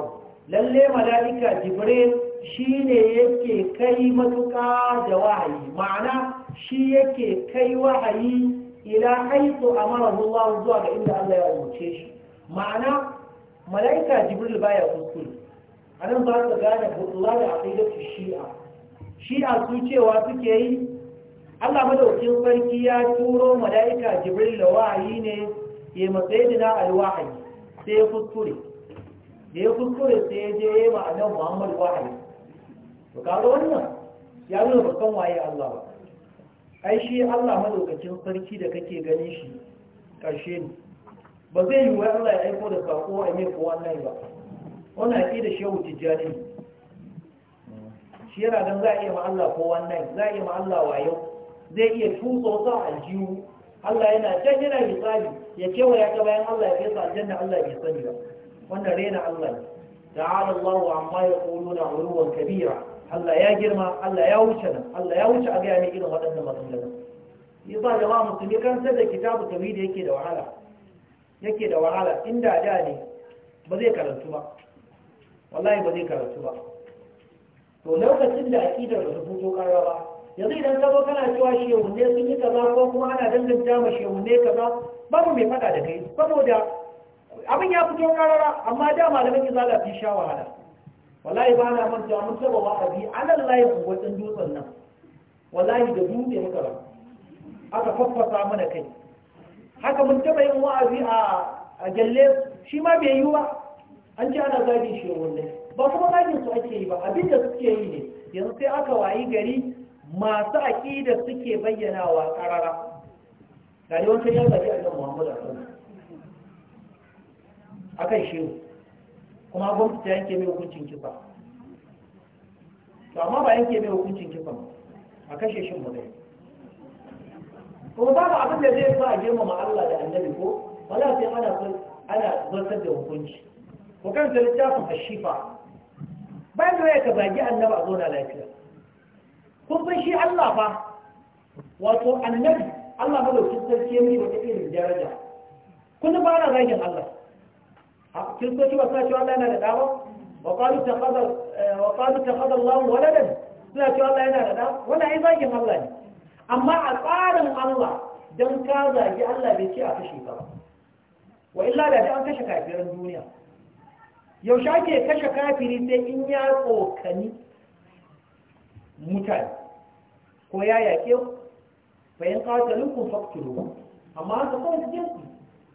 Speaker 1: lalle malaika jibril shine yake kai matuƙa da wahayi ma'ana shi yake kai wahayi ila haitu amarahu Allah zuwa ga inda Allah ya umarce shi ma'ana mala'ika jibril baya kuskure anan ba su gane butula da aqidatu shi'a shi'a su cewa suke yi Allah madaukin sarki ya turo mala'ika jibril da wahayi ne ya matsayi da alwahayi sai ya kuskure da ya kuskure sai ya je ya ma'anar Muhammad wahayi to kaga wannan ya nuna ba waye Allah ba ai shi Allah madaukakin sarki da kake ganin shi ƙarshe ne ba zai yi wa Allah ya aiko da sako a mai kowa nan ba wannan haƙi da shehu tijjani shi yana don za a iya ma Allah kowa nan za a iya ma Allah wayo zai iya tutsa sa aljihu Allah yana can yana misali ya kewa ya ta bayan Allah ya fesa aljanna Allah bai sani ba wannan rena Allah ne تعالى الله عما يقولون علوا كبيرا Allah ya girma Allah ya wuce nan Allah ya wuce a gaya mai irin waɗannan maganganun yasa jama'a musulmi kan sai da kitabu tauhid yake da wahala yake da wahala inda da ne ba zai karantu ba wallahi ba zai karantu ba to lokacin da aqidar da yanzu idan ka zo kana cewa shehunne sun yi kaza ko kuma ana danganta ma shehunne kaza babu mai faɗa da kai saboda abin ya fito karara amma da malaman zala fi sha wahala wallahi ba na manta mun saba wa'azi alal layi wajen dutsen nan wallahi da dutse muka ba aka faffasa mana kai haka mun taba yin wa'azi a a gyalle shi ma bai yi ba an ce ana zagi shi wallahi ba kuma zagin su ake yi ba abin da suke yi ne yanzu sai aka wayi gari masu aƙida suke bayyana bayyanawa karara ga wancan yan a kan muhammadu a akan shehu kuma gwamnati ta yanke mai hukuncin kifa. to amma ba yanke mai hukuncin kisa a kashe shin ba zai kuma babu abin da zai sa a girmama Allah da annabi ko wala sai ana ana zartar da hukunci ko kan da littafin ashifa Ba da ya ka zagi annabi a zona lafiya kun san shi Allah fa wato annabi Allah madaukin sarki ya mai wata irin daraja kun ba na zagin Allah kiristoci ba suna cewa Allah yana da ɗa ba wa qalu takhadha eh, Allahu suna cewa Allah yana da ɗa wannan ai zagin Allah amma a tsarin Allah dan ka zagi Allah bai ce a kashe ka ba wa illa da an kashe kafirin duniya yaushe ake kashe kafiri sai in ya tsokani mutane ko ya yaƙe ku bayan ku amma haka kawai su ku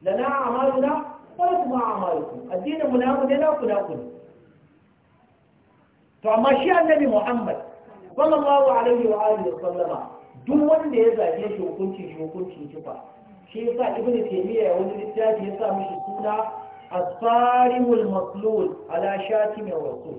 Speaker 1: lana amaluna walakum a'malukum addinin mu namu ne na ku na ku to amma shi annabi Muhammad sallallahu alaihi wa alihi wa sallama duk wanda ya zage shi hukunci shi hukunci kifa shi yasa ibn taymiya ya wani littafi ya sa mishi suna asarimul maslul ala shatim rasul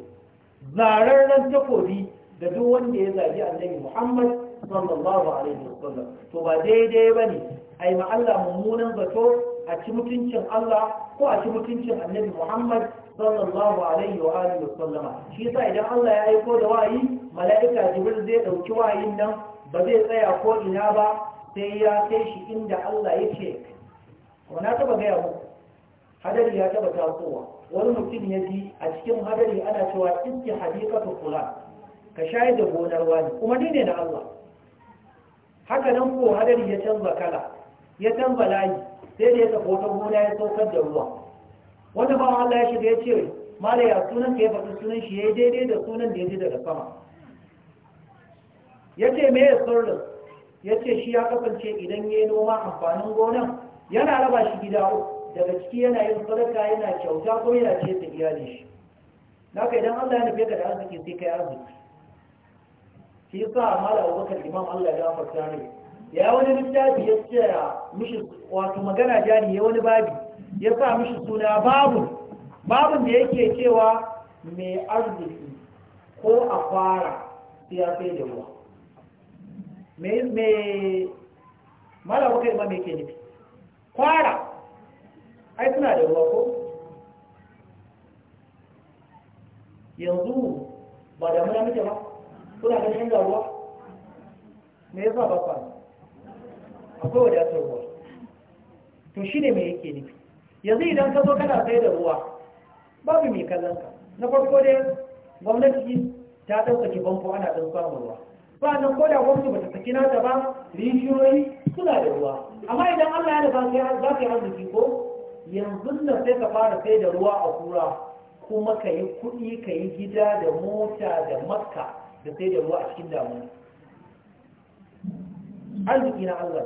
Speaker 1: zararren takobi da duk wanda ya zage annabi Muhammad sallallahu alaihi wa sallam to ba daidai bane ai ma Allah mummunan zato a ci mutuncin Allah ko a ci mutuncin annabi Muhammad sallallahu alaihi wa alihi wasallama shi yasa idan Allah ya aiko da wayi mala'ika Jibril zai dauki wayin nan ba zai tsaya ko ina ba sai ya kai shi inda Allah yake ce na taba gaya hadari ya taba tasowa wani mutum ya ji a cikin hadari ana cewa inki hadikatu kula ka shayar da gonar wani kuma ni ne da Allah haka nan ko hadari ya canza kala ya canza layi sai da ya tafi wata gona ya saukar da ruwa wanda ba Allah ya shiga ya ce mala ya sunan ka ya faɗi sunan shi ya yi daidai da sunan da ya ji daga sama ya ce me ya sirrin ya ce shi ya kasance idan ya yi noma amfanin gonan yana raba shi gida daga ciki yana yin sadaka yana kyauta ko yana ce da iyalin shi ka idan Allah ya nufi ka da arziki sai kai arziki shi yasa mala Abubakar Imam Allah ya gafarta ne ya wani littafi ya ce mishi wato magana jari ya wani babi ya sa mishi suna babun babun da yake cewa mai arziki ko a fara siyasai da ruwa mai malawa kai ma mai ke nufi kwara ai suna da ruwa ko yanzu ba da muna muke ba suna ganin yin ruwa me yasa ba kwara akwai wadatar ruwa to shi ne mai yake nufi yanzu idan ka zo kana sai da ruwa babu mai kallon ka na farko dai gwamnati ta ɗaukaki famfo ana ɗan samun ruwa ba nan ko da gwamnati bata saki nata ba rijiyoyi suna da ruwa amma idan Allah ya da za ka yi arziki ko yanzu nan sai ka fara sai da ruwa a kura kuma ka yi kuɗi ka yi gida da mota da makka da sai da ruwa a cikin damuwa arziki na Allah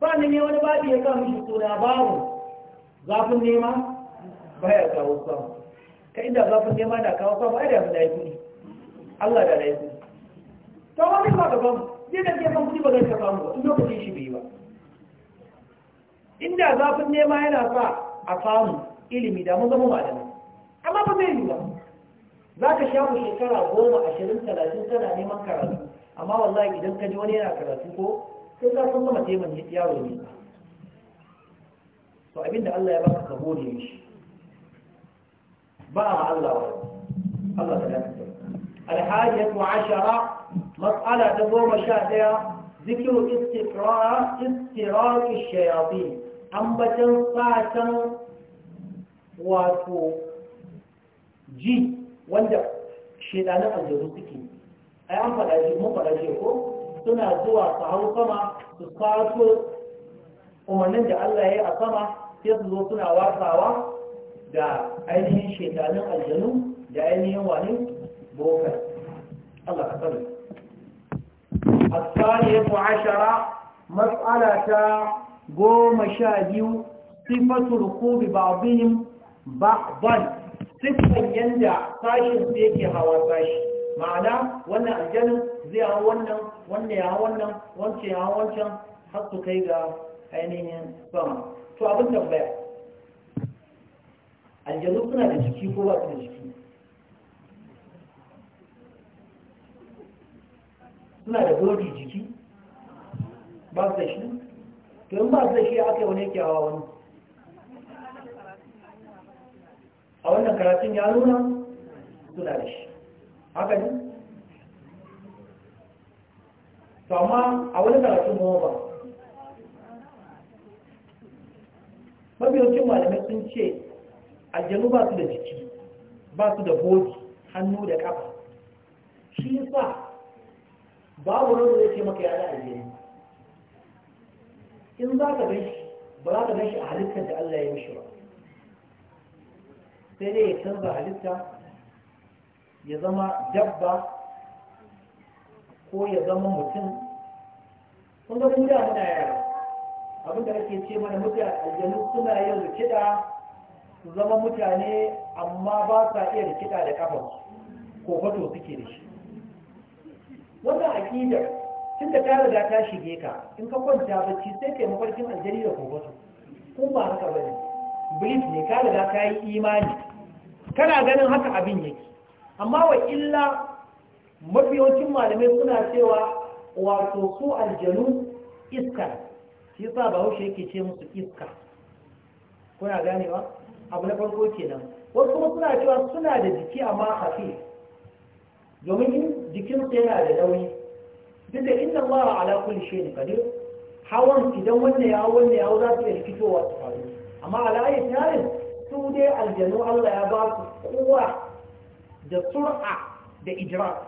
Speaker 1: sannan ne wani babi ya samu shi suna babu zafin nema ya kawo samu ka inda zafin nema na kawo samu ai da yafi dai kudi Allah da dai kudi to wani ba ka samu zai da ke kan ba zai ka samu ba lokacin shi bai ba inda zafin nema yana sa a samu ilimi da mun zama malamai amma ba zai yi ba za ka sha shekara goma ashirin talatin tana neman karatu amma wallahi idan ka ji wani yana karatu ko sai ka san sama sai yaro ne to abinda Allah ya baka ka gode mishi ba a Allah wa Allah ta dace alhajatu ashara mas'ala ta goma sha daya zikiru istiqrar istiraq ash-shayatin ambatan satan wato ji wanda shedanan aljanu suke ai faɗa ji ko suna zuwa su hau sama su sato umarnin da Allah ya yi a sama sai su zo suna watsawa da ainihin shekarun aljanu da ainihin wani bokar Allah ka sabu الثانية عشرة مسألة قوم شاهيو صفة ركوب بعضهم بعضا صفة يندع ساشن سيكي هوا ساشن ma'ana wannan aljanin zai hau wannan wannan ya hau wannan wancan ya hau wancan har su kai ga ainihin sama to abin tambaya aljanu suna da jiki ko ba su da jiki suna da bodi jiki ba su da shi to in ba su da shi aka yi wani yake hawa wani a wannan karatun ya nuna suna da shi haka ne to amma a wani karatun goma ba mabiyocin malamai sun ce aljanu ba su da jiki ba su da boki hannu da kafa shi sa babu wanda zai ce maka yada da aljanu in za ka gan shi ba za ka gan shi a halittar da Allah ya mishi ba sai dai ya canza halitta ya zama dabba ko ya zama mutum kun ga muda muna yara abin da ake ce mana mutane aljanu suna yin rikida su zama mutane amma ba sa iya rikida da kafa ko fato suke da shi wannan aƙidar tun da ta riga ta shige ka in ka kwanta bacci sai kai mafarkin aljani da kofato kun ba haka bane bilis ne ka riga ka yi imani kana ganin haka abin yake amma wa illa mafiyancin malamai suna cewa wato su aljanu iska shi yasa bahaushe yake ce musu iska kuna ganewa abu na farko kenan wasu kuma suna cewa suna da jiki amma hafi domin jikin su yana da nauyi duk da ba wa ala shi ne kadir hawan idan wannan ya wannan ya za su iya fitowa su faru amma alayi tarin su dai aljanu Allah ya ba su kowa da sur'a da ijra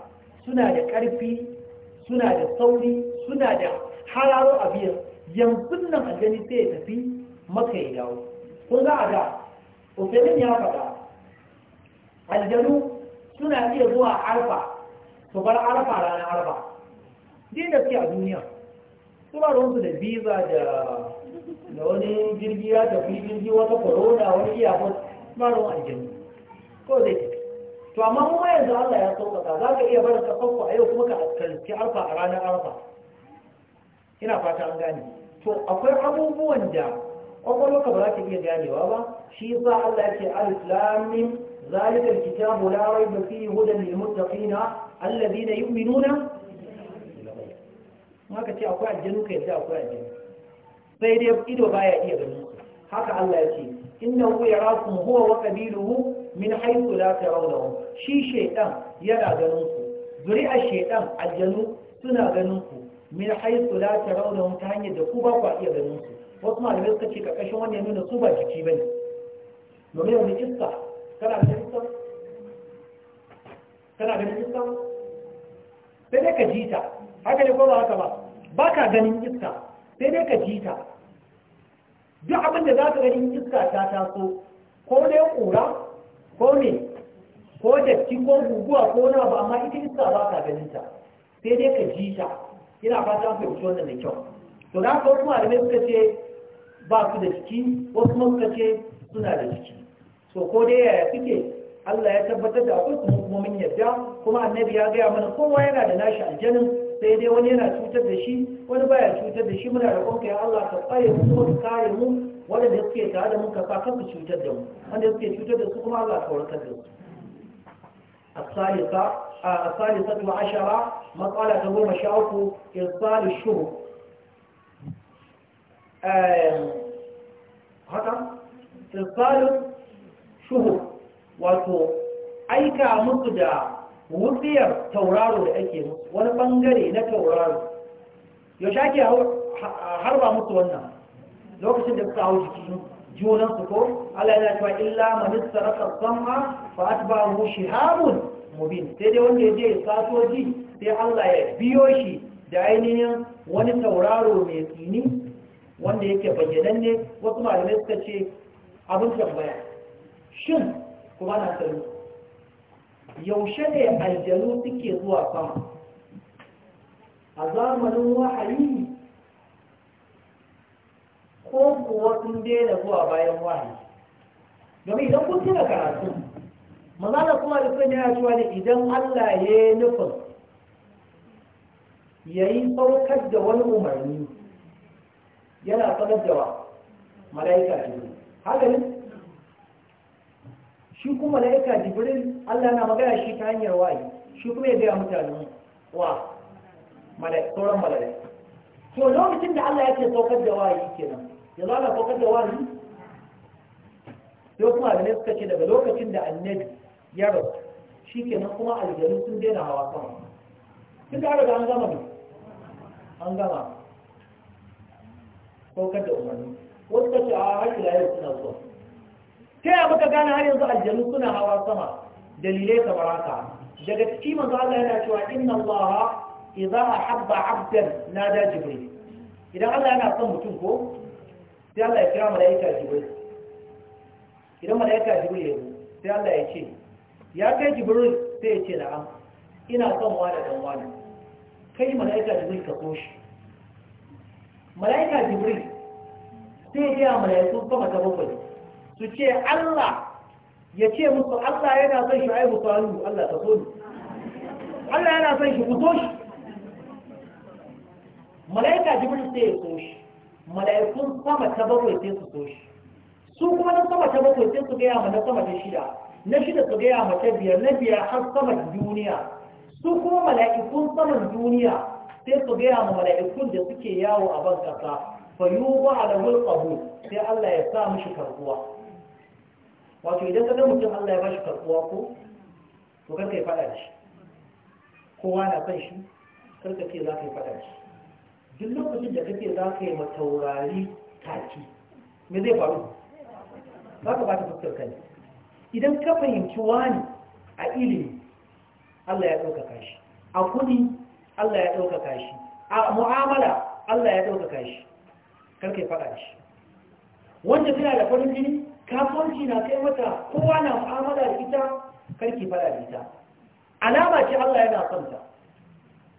Speaker 1: suna da ƙarfi suna da sauri suna da hararo a biyan yanzu nan aljani sai ya tafi maka ya dawo Kun za a da usainin ya faɗa aljanu suna iya zuwa arfa su bar arfa ranar arfa din da suke a duniya su ba ruwansu da visa da da wani jirgi ya tafi jirgi wata korona, wani iyakon ba ruwan aljanu ko zai to amma kuma yanzu Allah ya sauƙaƙa za ka iya barin kafanku a yau kuma ka kalci arfa a ranar arfa ina fata an gane to akwai abubuwan da ka ba za ka iya ganewa ba shi yasa Allah ya ce alif lam mim zalika alkitabu la rayba fihi hudan lil muttaqina alladhina yu'minuna ka ce akwai aljanu kai sai akwai aljanu sai dai ido baya iya ganin haka Allah ya ce innahu yarakum huwa wa qabiluhu min haythu la tarawnahum shi shaytan yana ganin ku zuri'a shaytan aljanu suna ganin ku min haythu la tarawnahum ta hanyar da ku ba ku iya ganin su wasu malamai suka ce karkashin wannan nuna su ba jiki ba ne. domin yanzu iska kana da iska kana ganin iska sai dai ka ji ta haka ne ko ba haka ba ba ka ganin iska sai dai ka ji ta duk abin da za ka ganin iska ta taso ko dai ƙura ko ne ko datti ko guguwa ko na ba amma ita iska ba ka ganin ta sai dai ka ji ta ina fata an fahimci wannan da kyau to da haka wasu malamai suka ce ba su da ciki wasu ma suka ce suna da ciki so ko dai yaya suke Allah ya tabbatar da akwai kuma mun yadda kuma annabi ya gaya mana kowa yana da nashi aljanin sai dai wani yana cutar da shi wani baya cutar da shi muna roƙon ya Allah ka tsare mu kuma ka kare mu wanda suke tare da mu ka sa kansu cutar da mu wanda suke cutar da su kuma Allah ka warkar da su الثالثة الثالثة عشرة مقالة تقول مشاوك إرسال الشروط haka tirsalin shuhu wato aika musu da wutsiyar tauraro da ake musu wani bangare na tauraro yaushe ake harba musu wannan lokacin da suka hau jikin junan su ko Allah ya cewa illa man sarrafa sam'a fa atba'ahu shihabun mubin sai dai wanda ya je sato sai Allah ya biyo shi da ainihin wani tauraro mai tsini wanda yake bayyananne wasu malamai suka ce abin tambaya shin kuma na tsaro? yaushe ne aljanu suke zuwa sama a zamanin wahayi ko kuwa sun daina zuwa bayan wahayi domin idan kun tuna karatu mazana kuma da sun yana cewa ne idan allah ya yi nufin ya yi saukar da wani umarni yana sanar da wa mala'ika jini haka ne shi kuma malaika jibril Allah na magana shi ta hanyar wa'i shi kuma ya gaya mutane wa sauran malaika to lokacin da Allah yake saukar da wa'i kenan ya za ana saukar da wa'i to kuma ne suka ce daga lokacin da annabi ya rasu shi kenan kuma aljanu sun daina hawa sama duk da an gama ne an gama saukar da umarni wasu kace a har ila yau suna zuwa ta yaya muka gane har yanzu aljanu suna hawa sama dalilai kamar haka daga ciki manzo Allah yana cewa inna Allah a ahabba 'abdan da jibril idan Allah yana son mutum ko sai Allah ya kira malaika jibril idan malaika jibril ya sai Allah ya ce ya kai jibril sai ya ce na'am ina son wani dan wani kai malaika jibril ka so shi malaika jibril sai ya ga malaiku kuma ta bakwai su ce Allah ya ce musu Allah yana son shi ai musu hannu Allah ta so ni Allah yana son shi ku so shi mala'ika jibril sai ya so shi mala'ikun sama ta bakwai sai su so shi su kuma na sama ta bakwai sai su gaya ma na sama ta shida na shida su gaya ma ta biyar na biyar har sama duniya su kuma mala'ikun saman duniya sai su gaya ma mala'ikun da suke yawo a ban kasa fa yuwa ala hulqahu sai Allah ya sa mishi karbuwa wato idan ka zama mutum Allah ya bashi karɓuwa ko to kar kai fada shi kowa na kan shi kar ka ce za ka yi fada shi duk lokacin da kake za ka yi mataurari taki me zai faru za ka bata fuskar kai idan ka fahimci wani a ilimi Allah ya ɗaukaka shi a kuɗi Allah ya ɗaukaka shi a mu'amala Allah ya ɗaukaka shi kar kai fada shi wanda kana da farin jini kasuwanci na kai mata kowa na mu'amala da ita karki fara da ita alama ce Allah yana fanta. ta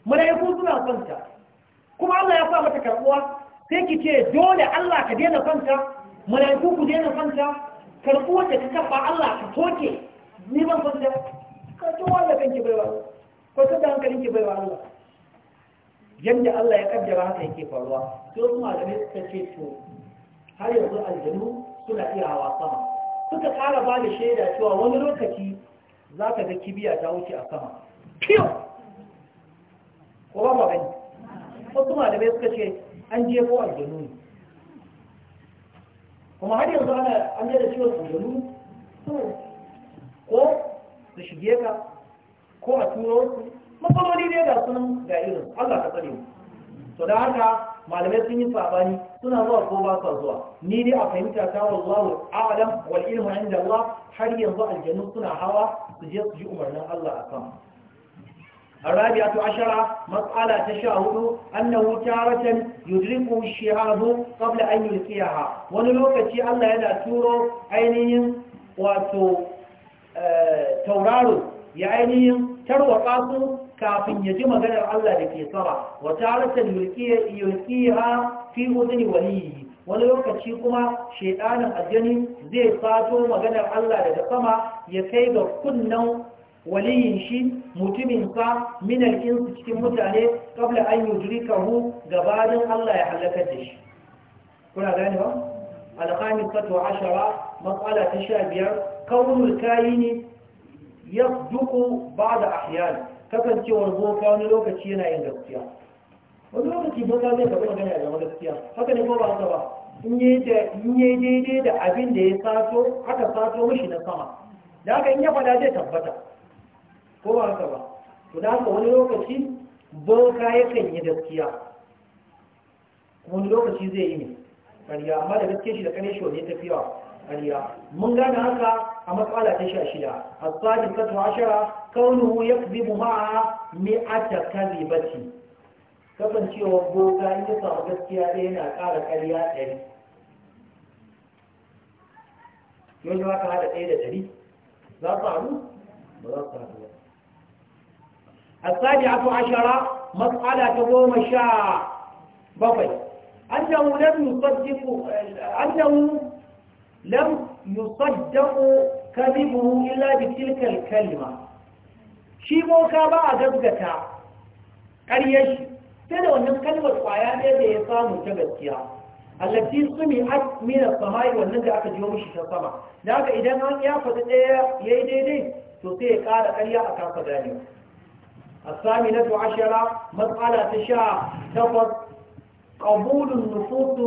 Speaker 1: mala'iku suna son kuma Allah ya fara mata karbuwa sai ki ce dole Allah ka daina son ta mala'iku ku daina karbuwa ta karbuwar da ka Allah ka toke. ni ban son ta ka to wanda kanki baiwa ko ta da hankalinki baiwa Allah yadda Allah ya kaddara haka yake faruwa to kuma da ne ta ce to har yanzu aljanu suna iya hawa sama suka kara ba da shaida cewa wani lokaci za ka ga kibiya ta wuce a sama fiyo ko ba ba wasu malamai suka ce an jefo aljanu ne kuma har yanzu ana an da ciwon aljanu ko su shige ka ko a turo su matsaloli ne ga sunan ga irin Allah ka tsare mu to da haka malamai sun yi sabani suna zuwa ko ba sa zuwa ni dai a fahimta ta wallahu a'lam wal ilmu inda Allah har yanzu aljannu suna hawa su je su ji umarnin Allah akan الرابعة عشرة مسألة تشاهد أنه تارة يدركه الشهاب قبل أن يلقيها ونلوك تي الله يدع تورو عينيهم وتو تورارو يا عينيهم تروى قاسو kafin ya ji maganar Allah da ke sama wa taratan yulqiha fi udni waliyi wani lokaci kuma shedanin aljani zai fato maganar Allah daga sama ya kai ga kunnan waliyin shi mutumin sa min alkinsu cikin mutane kabla an yudrikahu gabanin Allah ya halakar da shi kuna gane ba al-khamisatu ashara mas'ala ta 15 kaunul kayini duku ba'da ahyan kasancewar boka wani lokaci yana yin gaskiya wani lokaci boka zai faɗi magana da gaskiya haka ne ko ba haka ba in yi daidai da abin da ya sato aka sato mishi na sama da haka in ya faɗa zai tabbata ko ba haka ba to da haka wani lokaci boka yakan yi gaskiya wani lokaci zai yi ne ƙarya amma da gaske shi da ƙarya shi wani tafiya ƙarya mun gane haka a matsala ta sha shida a tsadi sata ashara kaunuhu ya fi muha ne a takari bace kasancewar boga in ya samu gaskiya ɗaya yana ƙara ƙarya ɗari yanzu ka haɗa ɗaya da ɗari za su haɗu ba za su haɗu ba ta goma sha bakwai. الشاء بقي أنه لم يصدق أنه لم يصدق كذبه إلا بتلك kalima. shi boka ba a gaskata ƙaryar shi sai da wannan kalmar kwaya ne da ya samu ta gaskiya allati sumi at min as-samai wannan da aka jiyo mishi ta sama da haka idan an ya faɗi ɗaya yayi daidai to sai ya ƙara ƙarya a kafa a الثامنة عشرة مسألة تشاء تفض قبول النفوس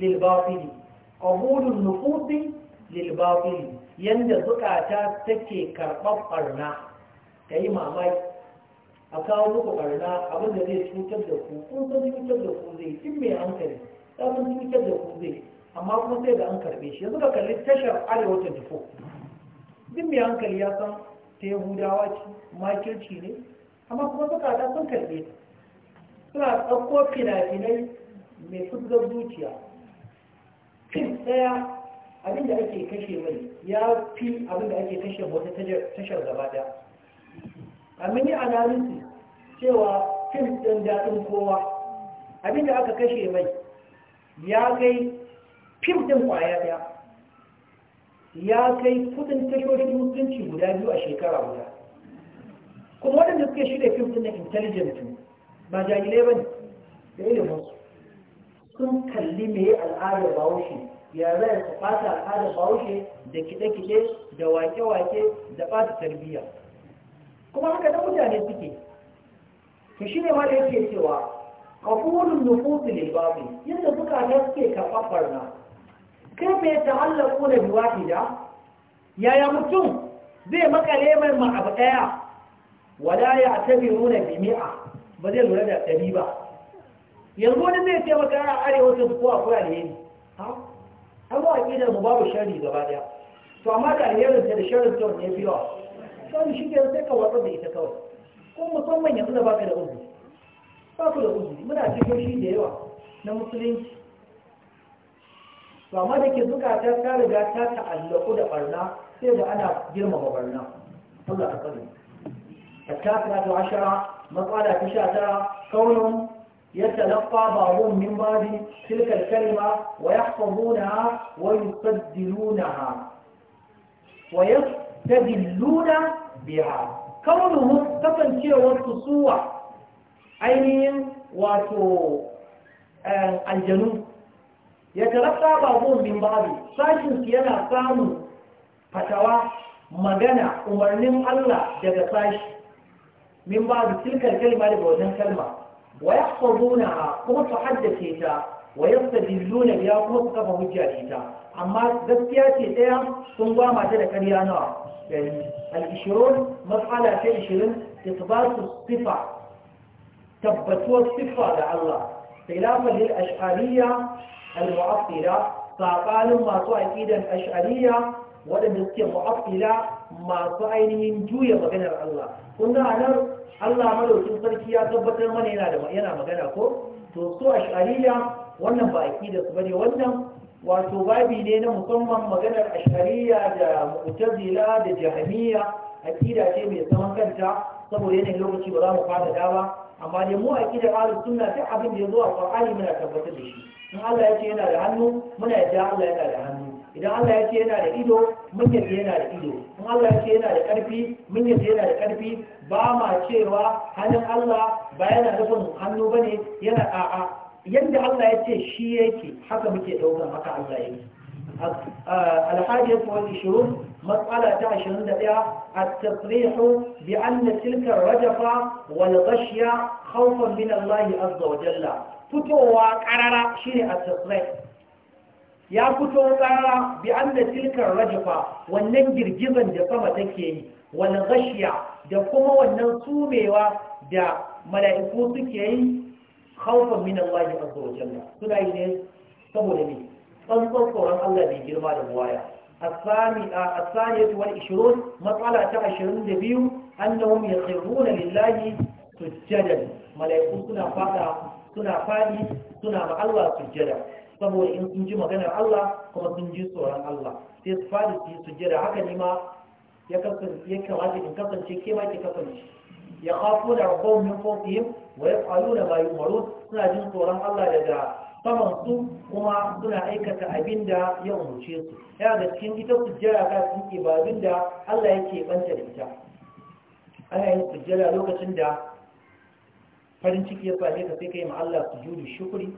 Speaker 1: للباطل قبول النفوس للباطل yanda zukata take karɓar ɓarna ka yi mamaki a kawo muku barna abin da zai cutar da ku kun san cutar da ku zai tun mai hankali ta san cutar da ku zai amma kuma sai da an karbe shi yanzu ka kalli tashar arewa ta dufo duk mai hankali ya san ta yahudawa ce makirci ne amma kuma suka ta sun karbe ta suna ɗauko fina-finai mai fuskar zuciya fim ɗaya abin da ake kashe mai ya fi abin da ake kashe wata tashar gaba ɗaya a mini analysis cewa fim ɗin daɗin kowa abinda aka kashe mai ya kai fim ɗin ƙwaya ɗaya ya kai kudin tashoshin mutunci guda biyu a shekara guda kuma waɗanda suke shirya fim ɗin na intelligent ba jahilai ba ne da iliminsu sun kalli mai al'adar bahaushe ya zai su fata al'adar bahaushe da kiɗe-kiɗe da wake-wake da ɓata tarbiyya kuma haka da mutane suke to shi ne ma da yake cewa kafurun nufusu ba babu yadda ta suke kafafar na kai mai ta'allaku na biwaki da yaya mutum zai makale mai ma'abu abu ɗaya wala ya bi nuna bimi'a ba zai lura da ɗari ba yanzu wani zai ce maka a arewa ta ko akwai alheri ha an ba a ƙidar mu babu shari gaba ɗaya to amma da alherin ta da sharin ta ne fi yawa kawai shi yanzu sai ka watsa da ita kawai ko musamman yanzu da baka da uzu baka da uzu muna cikin shi da yawa na musulunci ba da ke zuka ta ta riga ta ta'allaku da barna sai da ana girmama barna Allah ta kare ta ta ta ta ashara matsala ta sha ta kaunan ya talaffa ba wun min ba kalma wa ya fahuna wa yi tsaddiluna ha wa ya biha kaunuhum kasancewar su suwa ainihin wato eh, aljanu ya tarabta babun min babu sashin su yana samun fatawa magana umarnin Allah daga sashi min babu tilkar kalma daga wajen kalma wa yahfazuna kuma su haddace ta wa yastadilluna biya kuma su kafa hujja da amma gaskiya ce ɗaya sun gwama ta da karya nawa يعني العشرون مسألة في عشرين إثبات الصفة تبتوا الصفة لله خلافا للأشعرية المعطلة ساقال ما سوى أكيدا الأشعرية ولم يستطيع معطلة ما سوى أينهم جوية مغنى الله قلنا أنا الله ملو تنصركي يا تبتر من ينا مغنى كو to su ashariya wannan ba aqidar su bane wannan wato babi ne na musamman maganar ashariya da mu'tazila da jahamiya akida ce mai saman kanta saboda yanayin lokaci ba za mu fada da ba amma dai mu akida ahlus sunna ta abin da ya zo a qur'ani muna tabbatar da shi in Allah ya ce yana da hannu muna yadda Allah yana da hannu idan Allah ya ce yana da ido mun yadda yana da ido in Allah ya ce yana da ƙarfi mun yana da ƙarfi ba ma cewa hannun Allah ba yana mu hannu bane yana a'a yadda Allah ya ce shi yake haka muke ɗaukar haka Allah ya yi. Alhaji yake wani matsala ta ashirin da ɗaya a tafrihu bi an na rajafa wal gashiya haufan min Allah jalla. Fitowa ƙarara shine ne a Ya fito ƙarara bi'an an na rajafa wannan girgizan da sama take yi wal gashiya da kuma wannan tumewa da mala'iku suke yi khawfan minan Allah ya azza wa jalla ne saboda ne dan tsoron Allah bai girma da waya a asaniyatu wal 20 matsala ta 22 annahum yakhiruna lillahi sujjadan mala'iku suna fada suna fadi suna ma Allah sujjada saboda in sun ji maganar Allah kuma sun ji tsoron Allah sai su fadi su sujjada haka ne ma ya kamata in kasance ke ma ki kasance يخافون wa ya فوقهم da ما يؤمرون suna jin tsoron Allah daga saman su kuma suna aikata abin da ya umarce su ya ga cikin ita kujera ta sun ibadun da Allah yake banta da ita ana yin kujera lokacin da farin ciki ya faɗe ka sai kai ma Allah su sujudu shukuri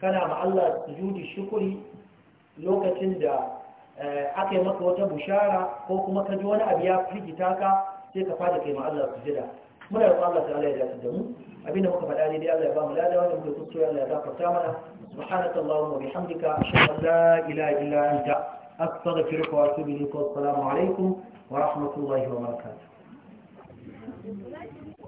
Speaker 1: kana ma Allah su sujudu shukuri lokacin da aka yi maka wata bushara ko kuma ka ji wani abu ya firgita ka sai ka fara kai ma su sujada muna roƙon Allah ta'ala ya dace da mu abinda muka faɗa ne dai Allah ya ba mu lada wanda muka kuskure Allah ya mana subhanaka allahumma wa bihamdika ashhadu an la ilaha illa anta astaghfiruka wa atubu ilaik wa assalamu alaikum wa rahmatullahi wa barakatuh